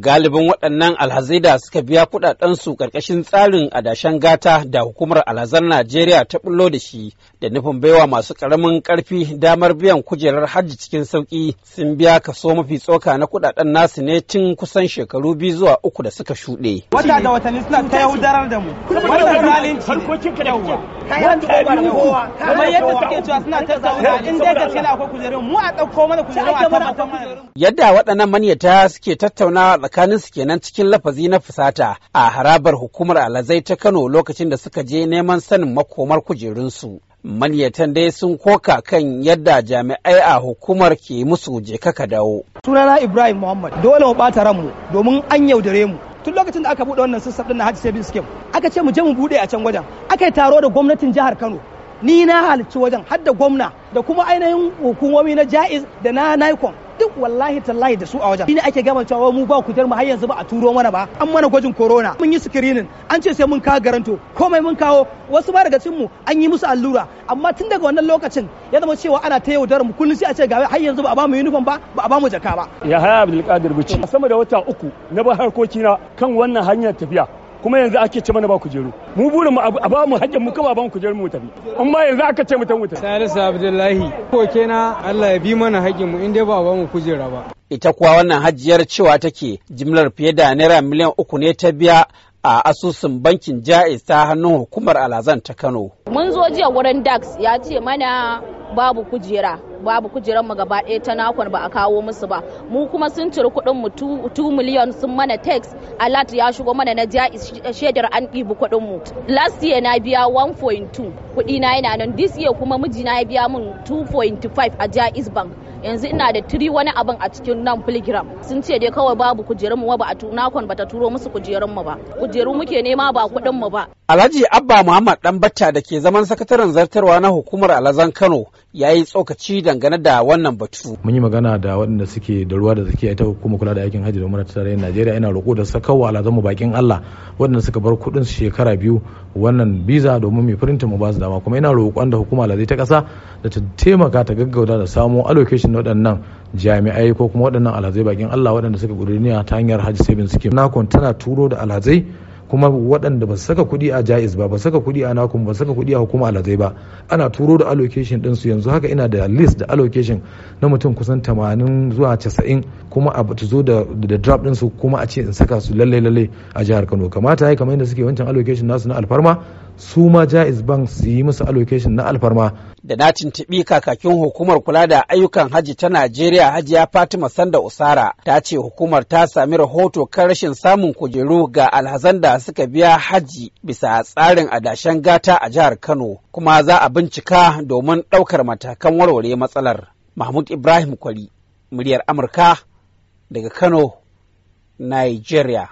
galibin waɗannan alhazai da suka biya kuɗaɗensu ƙarƙashin tsarin adashen gata da hukumar alhazan najeriya ta bullo da shi da nufin baiwa masu ƙaramin ƙarfi damar biyan kujerar hajji cikin sauƙi sun biya kaso mafi tsoka na kuɗaɗen nasu ne tun kusan shekaru biyu zuwa uku da suka shuɗe. wata da watanni suna ta yaudarar da mu wannan zalunci kamar yadda suke cewa suna ta zauna in dai na akwai kujerun mu a ɗauko mana kujerun a tabbatar mana yadda waɗannan manyata suke tattaunawa tsakaninsu kenan cikin lafazi na fusata a harabar hukumar alazai ta Kano lokacin da suka je neman sanin makomar kujerunsu. Manyatan dai sun koka kan yadda jami'ai a hukumar ke musu je kaka dawo. Sunana Ibrahim Muhammad dole mu ɓata ranmu domin an yaudare mu. tun lokacin da aka buɗe wannan sassaɓin na Hajji Savings Scheme aka ce mu je mu buɗe a can wajen aka yi taro da gwamnatin jihar Kano ni na halarci wajen hadda gwamna da kuma ainihin hukumomi na Jaiz da na Nikon duk wallahi tallahi da su a wajen shine ake gama cewa mu ba kutar mu har yanzu ba a turo mana ba an mana gwajin corona mun yi screening an ce sai mun kawo garanto komai mun kawo wasu ba daga mu an yi musu allura amma tun daga wannan lokacin ya zama cewa ana ta yaudarar mu kullum sai a ce ga har yanzu ba a ba mu uniform ba ba a ba mu jaka ba ya haya abdulkadir buci sama da wata uku na bar harkokina kan wannan hanyar tafiya kuma yanzu ake ce mana ba kujeru mu burin mu a ba mu hajjin mu kuma ba mu kujeru mu tafi in ma yanzu aka ce mu tafi Salisu Abdullahi ko kenan Allah ya bi mana hajjin mu in dai ba ba mu kujera ba ita kuwa wannan hajjiyar cewa take jimlar fiye da naira miliyan uku ne ta biya a asusun bankin jaiz ta hannun hukumar alazan ta Kano mun zo jiya wurin DAX ya ce mana babu kujera babu kujerar mu gaba ɗaya ta nakon ba a kawo musu ba mu kuma sun ciri kuɗin mu 2 miliyan sun mana tax alat ya shigo mana na jais shaidar an ɗibi kuɗin mu last year na biya 1.2 kuɗi na yana nan this year kuma mijina ya biya mun 2.5 a jais bank yanzu ina da tiri wani abin a cikin nan filigram sun ce dai kawai babu mu ba a nakon ba ta turo musu mu ba kujeru muke nema ba kuɗin mu ba. Alhaji Abba Muhammad batta da ke zaman sakataren zartarwa na hukumar Alazan Kano yayi yi tsokaci dangane da wannan batu. Mun yi magana da waɗanda suke da ruwa da tsakiya ita kuma kula da aikin hajji da umar ta tarayyar Najeriya ina roƙo da saka wa alazamu bakin Allah waɗanda suka bar kuɗin su shekara biyu wannan biza domin mai firinta mu ba su dama kuma ina roƙon da hukuma alazai ta ƙasa da ta taimaka ta gaggauta da samo allocation na waɗannan jami'ai ko kuma waɗannan alhazai bakin Allah waɗanda suka gudu ta hanyar hajji savings scheme. Nakon tana turo da alhazai kuma waɗanda ba saka kuɗi a jaiz ba ba saka kuɗi a nakum ba saka kuɗi a hukuma alazai ba ana turo da allocation ɗinsu yanzu haka ina da list da allocation na mutum kusan 80 zuwa casa'in, kuma a ta zo da draft ɗinsu kuma a ce in saka su lallai lallai a jihar kano kamata ya kamar yadda suke wancan allocation nasu na alfarma su ma jaiz bank su yi musu allocation na alfarma da na tuntuɓi kakakin hukumar kula da ayyukan haji ta najeriya hajiya fatima sanda usara ta ce hukumar ta sami rahoto kan rashin samun kujeru ga alhazan da suka biya haji bisa tsarin adashen gata a jihar kano kuma za a bincika domin ɗaukar matakan warware matsalar mahmud ibrahim kwari muryar amurka daga kano nigeria